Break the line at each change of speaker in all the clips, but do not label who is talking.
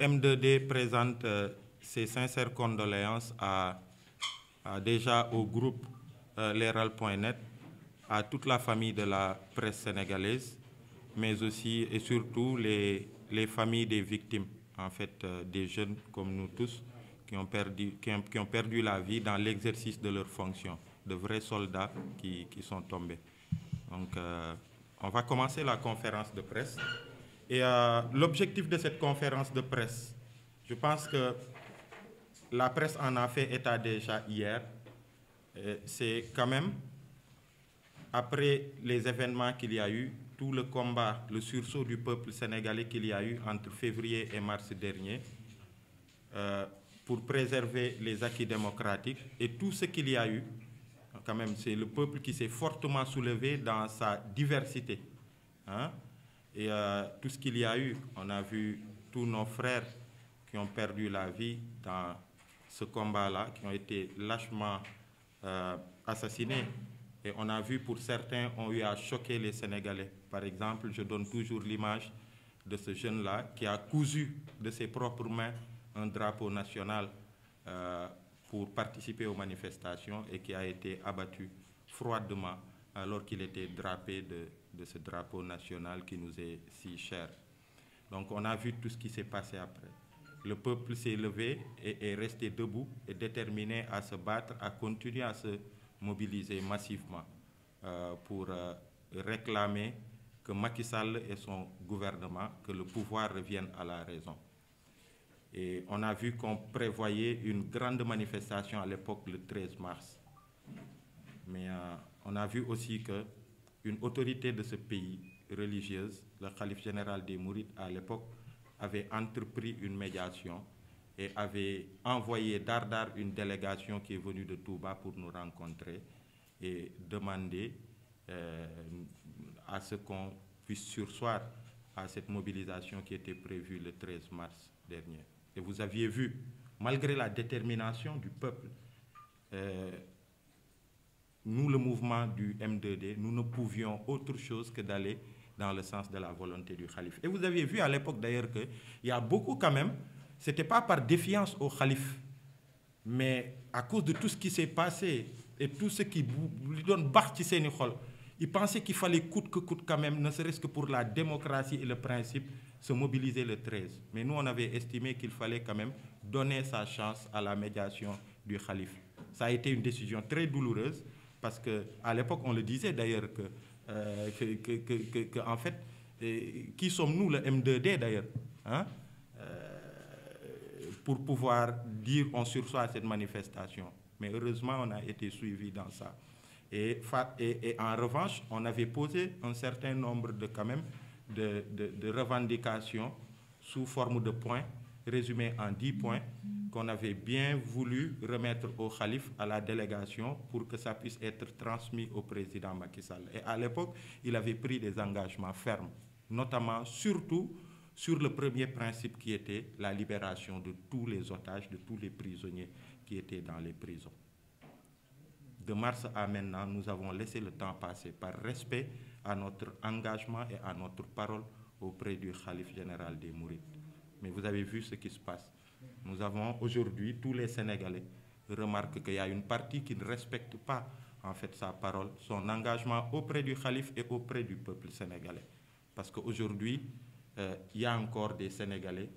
M2D présente euh, ses sincères condoléances à, à déjà au groupe euh, Leral.net, à toute la famille de la presse sénégalaise, mais aussi et surtout les, les familles des victimes, en fait, euh, des jeunes comme nous tous, qui ont perdu, qui ont, qui ont la vie dans l'exercice de leurs fonction de vrais soldats qui, qui sont tombés. Donc, euh, on va commencer la conférence de presse. Et euh, l'objectif de cette conférence de presse, je pense que la presse en a fait état déjà hier, c'est quand même, après les événements qu'il y a eu, tout le combat, le sursaut du peuple sénégalais qu'il y a eu entre février et mars dernier, euh, pour préserver les acquis démocratiques et tout ce qu'il y a eu, quand même, c'est le peuple qui s'est fortement soulevé dans sa diversité. Hein? Et euh, tout ce qu'il y a eu, on a vu tous nos frères qui ont perdu la vie dans ce combat-là, qui ont été lâchement euh, assassinés. Et on a vu pour certains, ont eu à choquer les Sénégalais. Par exemple, je donne toujours l'image de ce jeune-là qui a cousu de ses propres mains un drapeau national euh, pour participer aux manifestations et qui a été abattu froidement alors qu'il était drapé de de ce drapeau national qui nous est si cher. Donc on a vu tout ce qui s'est passé après. Le peuple s'est levé et est resté debout et déterminé à se battre, à continuer à se mobiliser massivement euh, pour euh, réclamer que Macky Sall et son gouvernement, que le pouvoir revienne à la raison. Et on a vu qu'on prévoyait une grande manifestation à l'époque le 13 mars. Mais euh, on a vu aussi que une autorité de ce pays religieuse, le calife général des Mourides à l'époque, avait entrepris une médiation et avait envoyé Dardar une délégation qui est venue de Touba pour nous rencontrer et demander euh, à ce qu'on puisse sursoir à cette mobilisation qui était prévue le 13 mars dernier. Et vous aviez vu, malgré la détermination du peuple, euh, nous, le mouvement du m d nous ne pouvions autre chose que d'aller dans le sens de la volonté du calife. Et vous avez vu à l'époque d'ailleurs qu'il y a beaucoup quand même, ce pas par défiance au calife, mais à cause de tout ce qui s'est passé et tout ce qui lui donne Bartisé Nicole, il pensait qu'il fallait coûte que coûte quand même, ne serait-ce que pour la démocratie et le principe, se mobiliser le 13. Mais nous, on avait estimé qu'il fallait quand la médiation du calife. Ça décision très douloureuse, Parce qu'à l'époque, on le disait d'ailleurs que, euh, que, que, que, que, en fait, eh, qui sommes-nous, le M2D d'ailleurs hein? euh, pour pouvoir dire on sursoit à cette manifestation. Mais heureusement, on a été suivi dans ça. Et, et, et, en revanche, on avait posé un certain nombre de, quand même, de, de, de revendications sous forme de points, résumées en 10 points, qu'on avait bien voulu remettre au calife, à la délégation, pour que ça puisse être transmis au président Macky Sall. Et à l'époque, il avait pris des engagements fermes, notamment, surtout, sur le premier principe qui était la libération de tous les otages, de tous les prisonniers qui étaient dans les prisons. De mars à maintenant, nous avons laissé le temps passer par respect à notre engagement et à notre parole auprès du calife général des Mourides. Mais vous avez vu ce qui Nous avons aujourd'hui, tous les Sénégalais remarquent qu'il y a une partie qui ne respecte pas en fait sa parole, son engagement auprès du calife et auprès du peuple sénégalais. Parce qu'aujourd'hui, euh, il y a encore des Sénégalais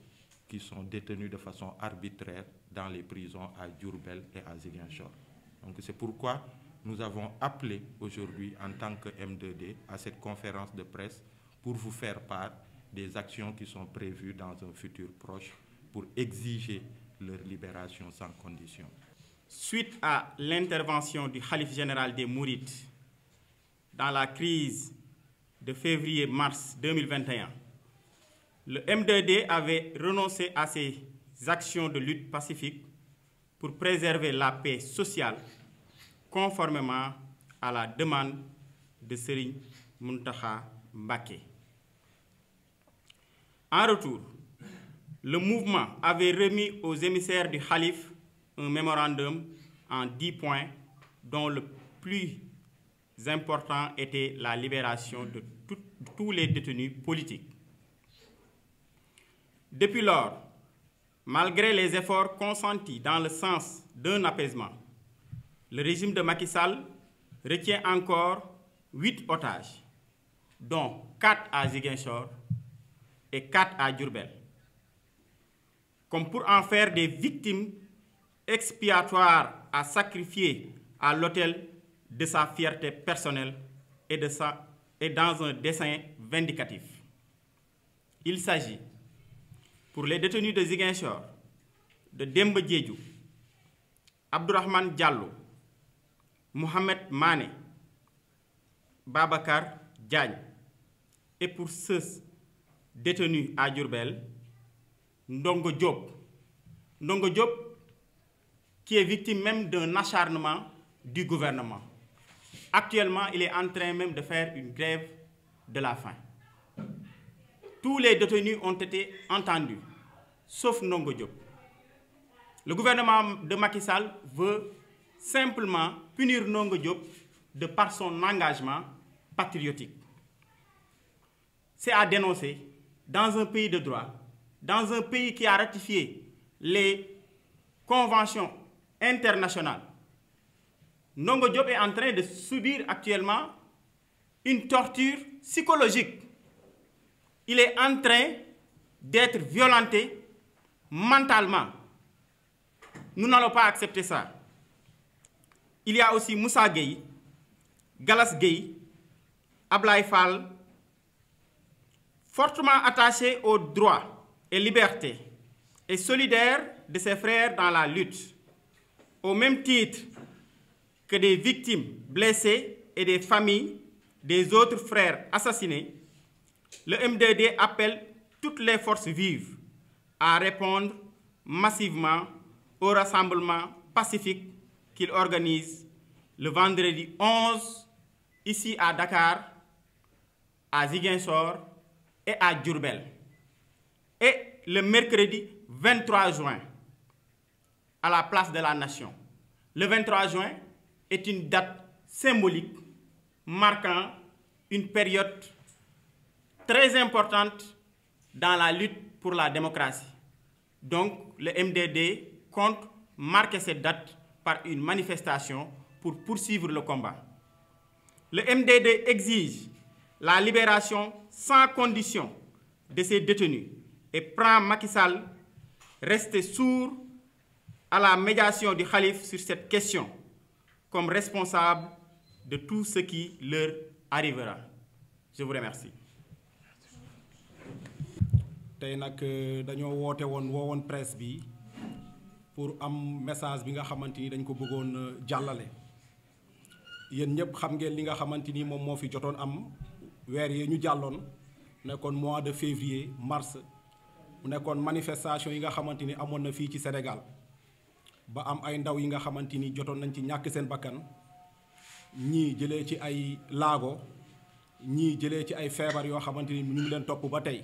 qui sont détenus de façon arbitraire dans les prisons à Djurbel et à Ziguinchor. Donc c'est pourquoi nous avons appelé aujourd'hui en tant que m à cette conférence de presse pour vous faire part des actions qui sont prévues dans un futur pour exiger leur libération sans condition.
Suite à l'intervention du Khalif général des Mourides dans la crise de février-mars 2021, le M2D avait renoncé à ses actions de lutte pacifique pour préserver la paix sociale conformément à la demande de Serigne Muntaha Mbaké. En retour, le mouvement avait remis aux émissaires du Khalif un mémorandum en dix points dont le plus important était la libération de, tout, tous les détenus politiques. Depuis lors, malgré les efforts consentis dans le sens d'un apaisement, le régime de Macky Sall retient encore huit otages, dont quatre à Ziguinchor et quatre à Diourbel. comme pour en faire des victimes expiatoires à sacrifier à l'autel de sa fierté personnelle et, de sa, et dans un dessein vindicatif. Il s'agit, pour les détenus de Ziguinchor, de Demba Diédhiou, Abdourahmane Diallo, Mohamed Mané, Babacar Diagne, et pour ceux détenus à Durbel Ndongo Diop Ndongo Diop qui est victime même d'un acharnement du gouvernement actuellement il est en train même de faire une grève de la faim tout les détenus ont été entendus sauf Ndongo Diop le gouvernement de Macky Sall veut simplement punir Ndongo Diop de par son engagement patriotique c'est à dénoncer dans un pays de droit dans un pays qui a ratifié les conventions internationales. Nongo Diop est en train de subir actuellement une torture psychologique. Il est en train d'être violenté mentalement. Nous n'allons pas accepter ça. Il y a aussi Moussa Gueye, Galas Gueye, Ablaye Fall, fortement attachés au droit et liberté et solidaire de ses frères dans la lutte, au même titre que des victimes blessées et des familles des autres frères assassinés, le M2D toutes les forces vives à répondre massivement au rassemblement pacifique qu'il organise le vendredi 11 ici à Dakar, à Ziguinchor et à Diourbel. et le mercredi 23 juin à la place de la Nation. Le 23 juin est une date symbolique marquant une période très importante dans la lutte pour la démocratie. Donc, le MDD compte marquer cette date par une manifestation pour poursuivre le combat. Le MDD exige la libération sans condition de ses détenus et prend Macky Sall rester à la médiation di xalif sur cette question comme responsable de tout ce qui leur arrivera je vous remercie.
tey nag euh, dañoo woote woon woo woon presse bi pour am message bi nga xamante ni dañ ko bëggoon euh, jàllale yéen ñëpp xam ngeen li nga xamante ni moom moo fi jotoon am weer yi ñu jàlloon nekkoon mois de février mars. mu nekkoon manifestation yi nga xamante ni amoon na fii ci senegal ba am ay ndaw yi nga xamante ni jotoon nañ ci ñàkk seen bakkan ñii jëlee ci ay laago ñii jëlee ci ay feebar yoo xamante ni ñu leen topp ba tey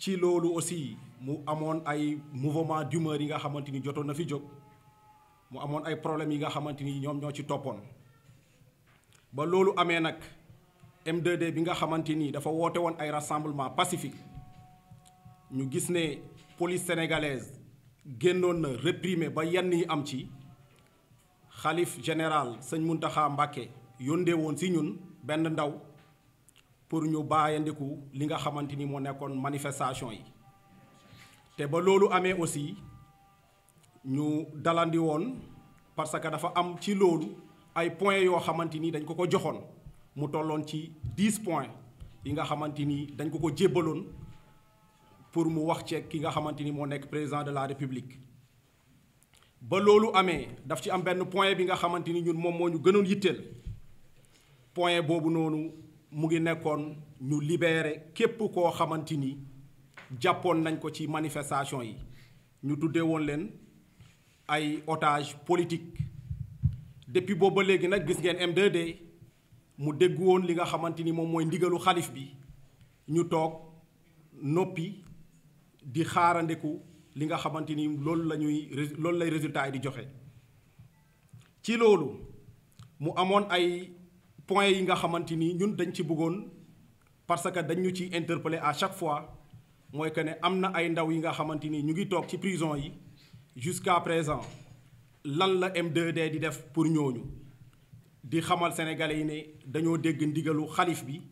ci loolu aussi mu amoon ay mouvement d'humeur yi nga xamante ni jotoon na fi jóg mu amoon ay problèmes yi nga xamante ni ñoom ñoo ci toppoon ba loolu amee nag m bi nga xamante ni dafa woote woon ay rassemblement pacifique ñu gis ne police sénégalaise génnoon na réprimer ba yenn yi am ci xalif général sëñ Muntaxa Mbàkke yóndee woon si ñun benn ndaw pour ñu bàyyandiku li nga xamante ni moo nekkoon manifestation yi te ba loolu amee aussi ñu dalandi woon parce que dafa am ci loolu ay points yoo xamante ni dañ ko ko joxoon mu tolloon ci dix points yi nga xamante ni dañ ko ko jébbaloon pour mu wax ci ki nga xamante ni moo nekk président de la république ba loolu amee daf ci am benn point bi nga xamante ni ñun moom moo ñu gënoon yitteel point boobu noonu mu ngi nekkoon ñu libéré képp koo xamante ni jàppoon nañ ko ci manifestation yi ñu tuddee woon leen ay otage politique depuis booba léegi nag gis ngeen m d mu dégg woon li nga xamante ni moom mooy ndigalu xalif bi ñu toog noppi di xaarandeku li nga xamante ni loolu la ñuy loolu lay résultat yi di joxe ci loolu mu amoon ay points yi nga xamante ni ñun dañ ci bëggoon parce que dañ ñu ciy interpeller à chaque fois mooy que ne am na ay ndaw yi nga xamante ni ñu ngi toog ci prison yi jusqu'à présent lan la m 2 di def pour ñooñu di xamal sénégalais yi ne dañoo dégg ndigalu xalif bi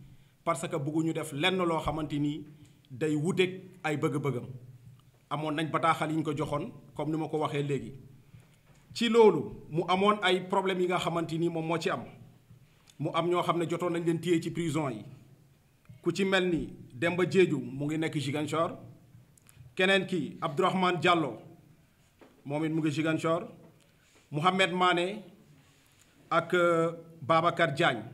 parce que bëgguñu def lenn loo xamante nii day wuteeg ay bëgg-bëggam amoon nañ bataaxal yi ñu ko joxoon comme ni ma ko waxee léegi ci loolu mu amoon ay problèmes yi nga xamante ni moom moo ci am mu am ñoo xam ne jotoon nañ leen téye ci prison yi ku ci mel ni Demba Diédhiou mu ngi nekk Ziguinchor keneen ki Abdourahmane Diallo moom it mu ngi Ziguinchor Mouhamed Mané ak euh, Babacar Diagne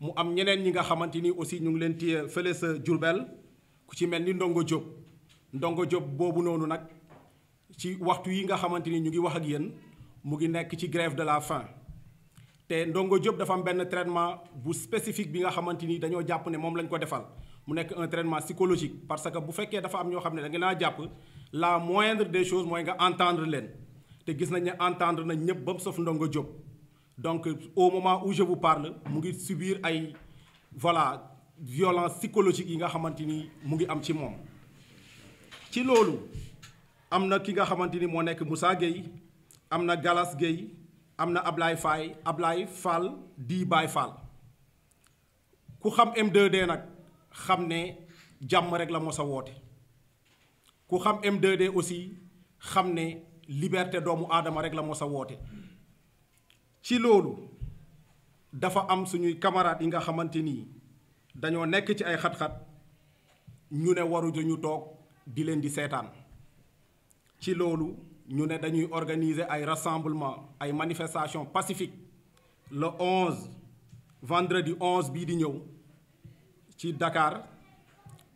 mu am ñeneen ñi nga xamante ni aussi ñu ngi leen téye fële sa Diourbel ku ci mel ni Ndongo Diop Ndongo Diop boobu noonu nag ci waxtu yi nga xamante ni ñu ngi wax ak yéen mu ngi nekk ci grève de la faim te Ndongo Diop dafa am benn traitement bu spécifique bi nga xamante ni dañoo jàpp ne moom lañ ko defal mu nekk un traitement psychologique parce que bu fekkee dafa am ñoo xam ne danga naa jàpp la moindre des choses mooy nga entendre leen te gis nañ ne entendre nañ ñëpp ba mu sof Ndongo Diop donc au moment où je vous parle mu ngi subir ay voilà violence psychologique yi nga xamante ni mu ngi am ci moom ci loolu am na ki nga xamante ni moo nekk Moussa Gueye am na Galas Gueye am na Ablaye Faye Ablaye Fall di Baye Fall ku xam m 2 nag xam ne jàmm rek la mos a woote ku xam M2D aussi xam ne liberté doomu aadama rek la mos a woote ci loolu dafa am suñuy camarades yi nga xamante nii dañoo nekk ci ay xat-xat ñu ne waruñu ñu toog di leen di seetaan ci loolu ñu ne dañuy organiser ay rassemblement ay manifestation pacifique le 11 vendredi 11 bii di ñëw ci Dakar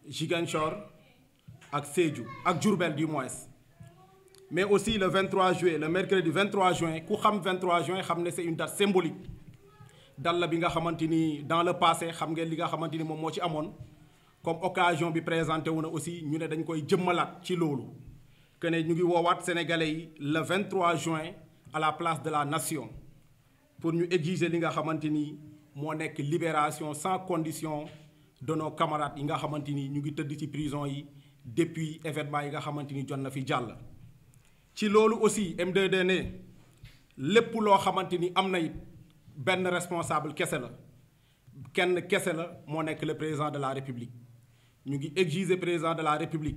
Ziguinchor ak Sédhiou ak Diourbel du moins mais aussi le 23 juillet le mercredi 23 juin ku xam 23 juin xam ne c'est une date symbolique dal bi nga xamante ni dans le passé xam ngeen li nga xamante ni moom moo ci amoon comme occasion bi présenté wu na aussi ñu ne dañ koy jëmmalaat ci loolu que ne ñu ngi woowaat sénégalais yi le 23 juin à la place de la nation pour ñu exiger li nga xamante ni moo nekk libération sans condition dono nos yi nga xamante ni ñu ngi tëdd ci prison yi depuis événement yi nga xamante ni jot na fi jàll. ci loolu aussi m 2 ne lépp loo xamante ni am na it benn responsable kese la kenn kese la moo nekk le président de la république ñu ngi exiger président de la république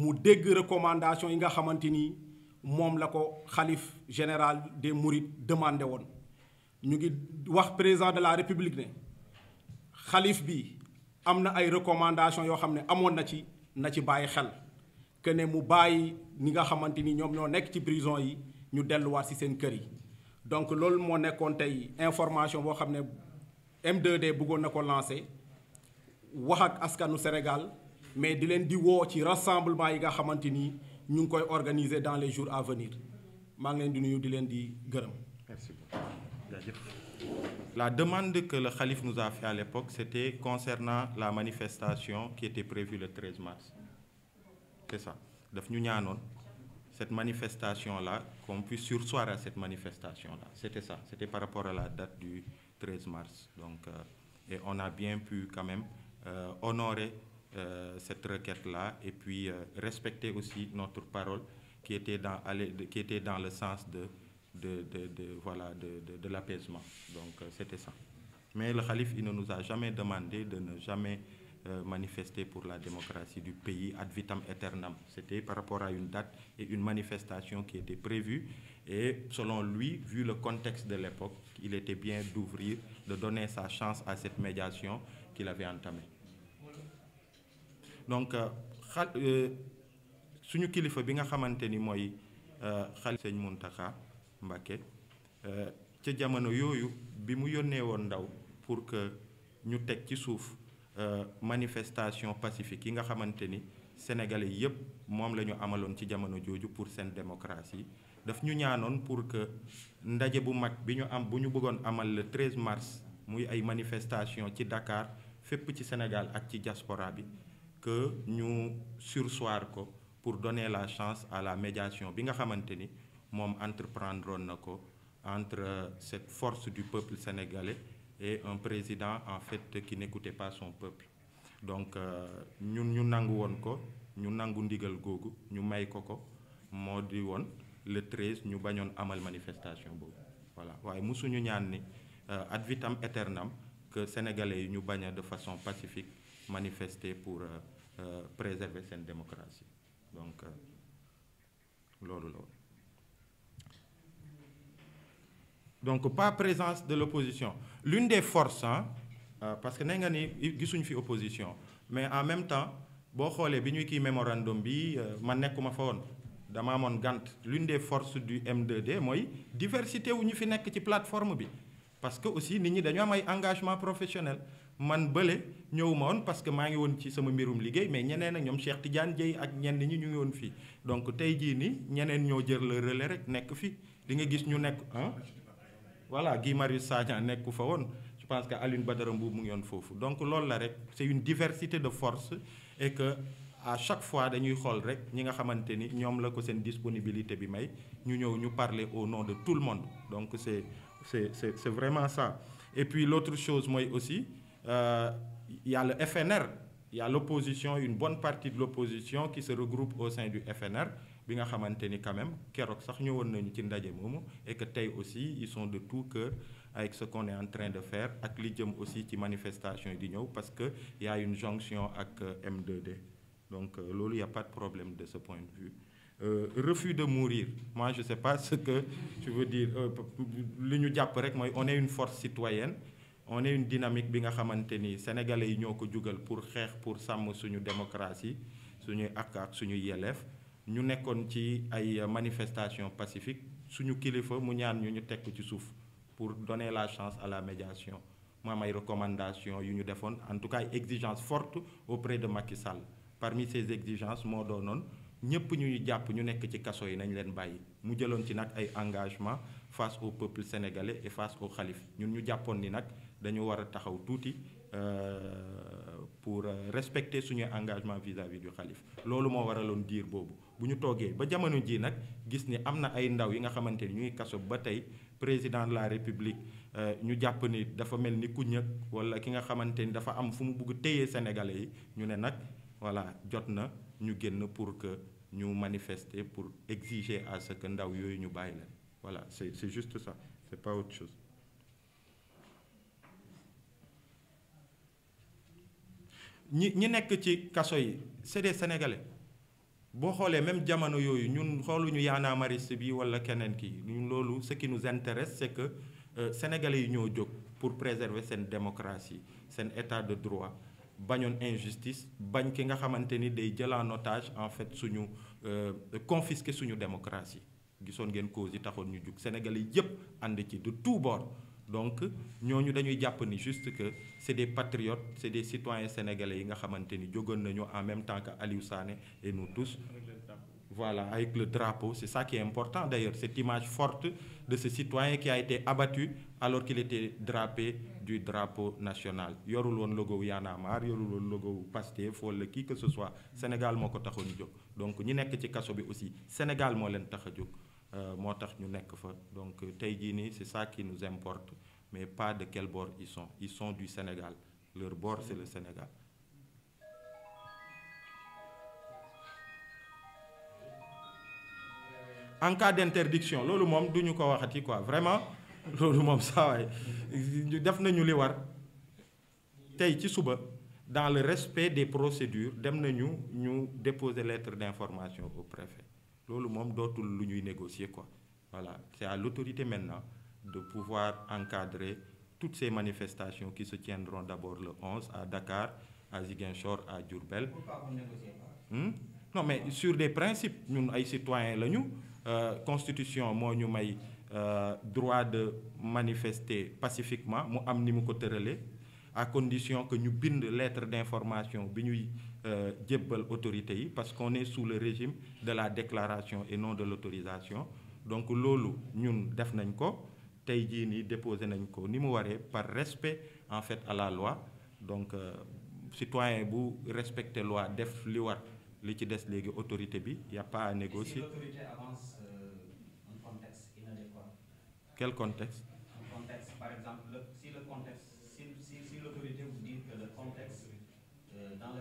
mu dégg recommandation yi nga xamante ni moom la ko xalif général des mourides demandé woon ñu ngi wax président de la république ne xalif bi am na ay recommandation yoo xam ne amoon na ci na ci bàyyi xel que ne mu bàyyi ni nga xamante ni ñoom ñoo nekk ci prison yi ñu delluwaat ci seen kër yi donc loolu moo nekkoon tey information boo xam ne m 2 bëggoon na ko lancer wax ak askanu Sénégal mais di leen di woo ci rassemblement yi nga xamante ni ñu ngi koy organiser dans les jours à venir maa ngi leen di nuyu di leen di gërëm. merci
beaucoup. La demande que le calife nous a fait à concernant la manifestation qui était prévue le 13 mars. C'est ñu ñaanoon cette manifestation-là, qu'on puisse sursoir à cette manifestation-là. C'était par rapport à la date du 13 mars. Donc, euh, et on a bien pu quand même euh, honorer euh, cette requête-là et puis euh, respecter aussi notre parole qui était dans, qui était dans le sens de, de, de, de voilà, de, de l'apaisement. Donc, euh, c'était ça. Mais le calife, il ne nous a jamais demandé de ne jamais euh, manifester pour la démocratie du pays ad vitam aeternam. C'était par rapport à une date et une manifestation qui était prévue. Et selon lui, vu le contexte de l'époque, il était bien d'ouvrir, de donner sa chance à cette médiation qu'il avait entamée. Donc, euh, euh, suñu kilifa bi nga xamante ni mooy euh, xal sëñ Muntaxa Mbàkke ca jamono yooyu bi mu yónnee woon ndaw pour que ñu teg ci suuf Euh, manifestation pacifique yi nga xamante ni sénégalais yépp moom la ñu amaloon ci jamono jooju pour seen démocratie daf ñu ñaanoon pour que ndaje bu mag bi ñu am bu ñu bëggoon amal le 13 mars muy ay manifestation ci Dakar fépp ci Sénégal ak ci jaspora bi que ñu sursoir ko pour donner la chance à la médiation bi nga xamante ni moom entreprendre woon na ko entre cette force du peuple sénégalais et un président en fait qui n'écoutait pas son peuple donc euh, ñun ñu nangu woon ko ñu nangu ndigal googu ñu may ko ko moo di woon le 13 ñu bañoon amal manifestation boobu voilà waaye suñu ñaan ni euh, ad vitam aeternam que sénégalais yi ñu bañ a de façon pacifique manifester pour euh, préserver seen démocratie donc loolu la woon donc pas présence de l'opposition l'une des forces hein, euh, parce que nee nga ni gisuñu fi opposition mais en même temps boo xoolee bi ñuy kii mémorandum bi euh, ma nekkuma fa woon dama amoon gant l'une des forces du m mooy diversité wu ñu fi nekk ci plateforme bi parce que aussi nit ñi dañu am ay engagement professionnel man bële ñëwuma woon parce que maa ngi woon ci sama mbirum liggéey mais ñeneen ak ñoom Cheikh Tidiane Dieye ak ñenn ñi ñu ngi woon fii donc tey jii nii ñeneen ñoo jër le relais rek nekk fii di nga gis ñu nekk ah voilà Guy Marius Sagna nekku fa woon je pense que ba Badara Mbuub mu ngi yoon foofu donc loolu la rek c'est une diversité de force et que à chaque fois dañuy xool rek ñi nga xamante ni ñoom la ko seen disponibilité bi may ñu ñëw ñu parler au nom de tout le monde donc c'est c'est c'est c'est vraiment ça et puis l'autre chose mooy aussi euh, y a le FNR il y a l'opposition une bonne partie de l'opposition qui se regroupe au sein du FNR bi nga xamante ni quand même keroog sax ñëwoon nañu ci ndaje moomu et que tey aussi ils sont de tout cœur avec ce qu'on en train de faire ak li jëm aussi ci manifestation di ñëw parce que y une jonction ak euh, m donc euh, loolu y a pas de problème de ce point de vue euh, refus de mourir moi je sais pas ce que je veux dire li ñu jàpp rek mooy on une force citoyenne on une dynamique bi nga xamante ni sénégalais yi ñoo ko jugal pour xeex pour sàmm suñu démocratie suñuy àq suñuy yelleef ñu nekkoon ci ay manifestation pacifique suñu kilifa mu ñaan ñu ñu tekk ci suuf pour donner la chance à la médiation mu am ay recommandations yu ñu defoon en tout cas exigence forte auprès de Macky Sall parmi ces exigences moo doonoon ñëpp ñu jàpp ñu nekk ci kaso yi nañ leen bàyyi mu jëloon ci nag ay engagement face au peuple sénégalais et face au xalif ñun ñu jàppoon ni nag dañu war a taxaw tuuti euh, pour respecter suñu engagement vis-à-vis du xalif loolu moo waraloon diir boobu bu ñu toogee ba jamono ji nag gis ni am na ay ndaw yi nga xamante ni ñu ngi kaso ba tey président de la république euh, ñu jàpp ni dafa mel ni ku ñëkk wala ki nga xamante ni dafa am fu mu bugg téye sénégalais yi ñu ne nag voilà jot na ñu génn pour que ñu manifeste pour exiger à ndaw yooyu ñu bàyyi leen voilà c'est c'est juste ça c'est pas autre chose ñi ñi nekk ci kaso yi c'est des sénégalais boo xoolee même jamono yooyu ñun xooluñu Y'en a bi wala keneen kii ñun loolu ce qui nous intéresse c'est que euh, sénégalais yi ñoo jóg pour préserver seen démocratie seen état de droit bañoon injustice bañ ki nga xamante ni day jël en otage en fait suñu euh, confisquer suñu démocratie gisoon ngeen cause yi taxoon ñu jug yi yépp ànd ci du tout bord donc ñooñu dañuy jàpp ni juste que c'est des patriotes c'est des citoyens sénégalais yi nga xamante ni jógoon nañu en même temps que Aliou Sané et nous tous voilà avec le drapeau c'est ça qui important d'ailleurs cette image forte de ce citoyen qui a été abattu alors qu'il était drapé du drapeau national yorul woon logo wu Y'en a woon logo wu Pastef wala kii que ce soit Sénégal moo ko taxoon jóg donc ñi nekk ci kaso bi aussi Sénégal moo leen tax a jóg Euh, moo tax ñu nekk fa donc euh, tey jii nii c'est ça qui nous importe mais pas de quel bord ils sont ils sont du Sénégal leur bord c'est le Sénégal en cas d'interdiction loolu moom duñu ko ko waxati quoi vraiment loolu moom saawaay def nañu li war tey ci suba dans le respect des procédures dem nañu ñu déposer lettre d'information au préfet loolu moom dootul lu ñuy négocier ko voilà c'est à l'autorité maintenant de pouvoir encadrer toutes ces manifestation qui se tiendront d'abord le onze à Dakar à Ziguinchor à Diourbel. Pourquoi on négocie pas? Hmm? mais sur des principes ñun ay citoyens la ñu euh, constitution moo ñu may euh, droit de manifester pacifiquement mu am ni mu ko tëralee à condition que ñu bind lettre d'information bi ñuy. Euh, jébbal autorités yi parce que est sous le régime de la déclaration et non de l'autorisation donc loolu ñun def nañ ko tey jii nii déposé nañ ko ni mu waree par respect en fait à la loi donc euh, citoyen bu respecter loi def li war li ci des léegi autorité bi y a pas à euh, contexte
dans uh,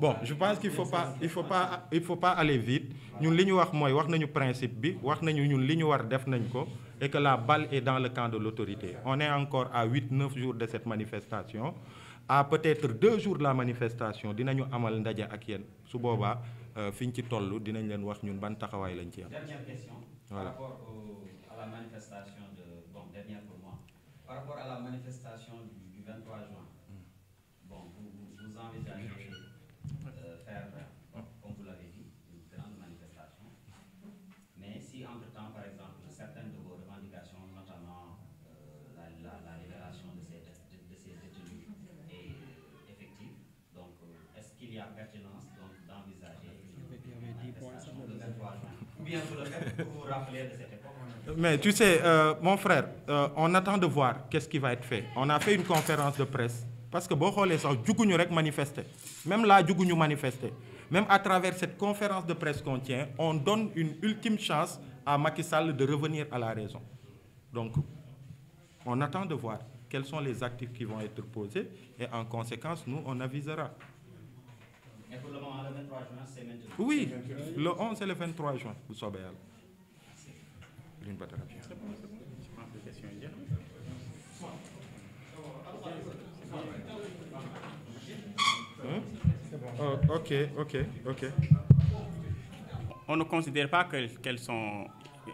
bon je pense qu'il faut pas
il faut pas il aller vite ñun li ñu wax mooy wax nañu principe bi wax nañu ñun li ñu war def nañ ko et que la balle est dans le camp de l'autorité on est encore à huit neuf jours de cette manifestation à peut-être deux jours la manifestation dinañu amal ndaje ak yéen su boobaa euh, fi ñu ci toll dinañ leen wax ñun ban taxawaay lañ ci am. Voilà. Par
rapport au, à la manifestation de, bon, dernière pour moi, par rapport à la manifestation du, du mm. bon, vous, vous envisagez euh, faire
Mais tu sais,
euh, mon frère, euh, on attend de voir qu'est-ce qui va être fait. On a fait une conférence de presse parce que boo xoolee sax juguñu rek manifester même là juguñu manifester même à travers cette conférence de presse qu'on tient on donne une ultime chance à Macky Sall de revenir à la raison donc on attend de voir quels sont les actifs qui vont être posés et en conséquence nous on avisera.
oui le
11 le juin bu soobee yàlla. luñ ba dara. Oh, ok
on ne considère pas que qu'elles sont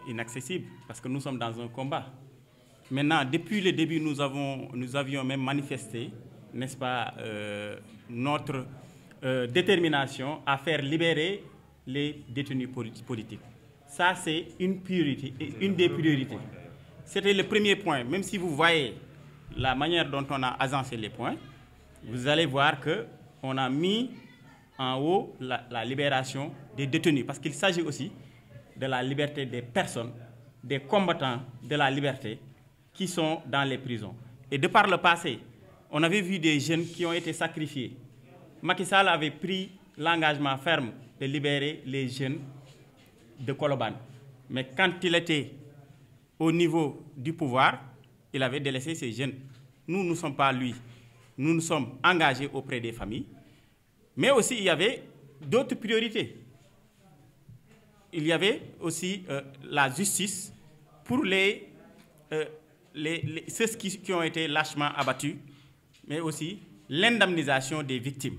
inaccessibles parce que nous sommes dans un combat. Maintenant, depuis le début, nous avons, nous avions manifesté, n'est-ce pas, euh, notre euh, détermination à faire libérer les détenus politiques. Ça, c'est une, priorité, une des priorités. C'était le premier point. Même si vous voyez la manière dont on a agencé les points, vous allez voir qu'on a mis en haut la, la libération des détenus. Parce qu'il s'agit aussi de la liberté des personnes, des combattants de la liberté qui sont dans les prisons. Et de par le passé, on avait vu des jeunes qui ont été sacrifiés Macky Sall avait pris l'engagement ferme de libérer les jeunes de Koloban. Mais quand au niveau du pouvoir, il avait délaissé ces jeunes. Nous ne sommes pas lui. Nous nous sommes engagés auprès des familles. Mais aussi, il y avait d'autres priorités. Il y avait aussi euh, la justice pour les, euh, les, les, ceux qui, qui ont été lâchement abattus, mais aussi l'indemnisation des victimes.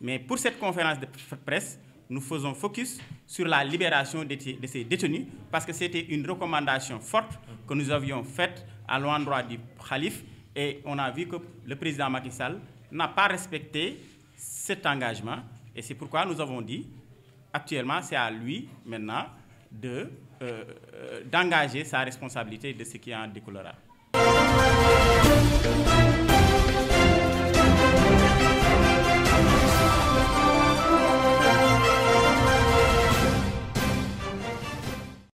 Mais pour cette conférence de presse, nous faisons focus sur la libération de ces détenus parce que c'était une recommandation forte que nous avions faite à l'endroit du calife et on a vu que le président Macky n'a pas respecté cet engagement et c'est pourquoi nous avons dit actuellement c'est à lui maintenant de euh, euh d'engager sa responsabilité de ce qui en découlera.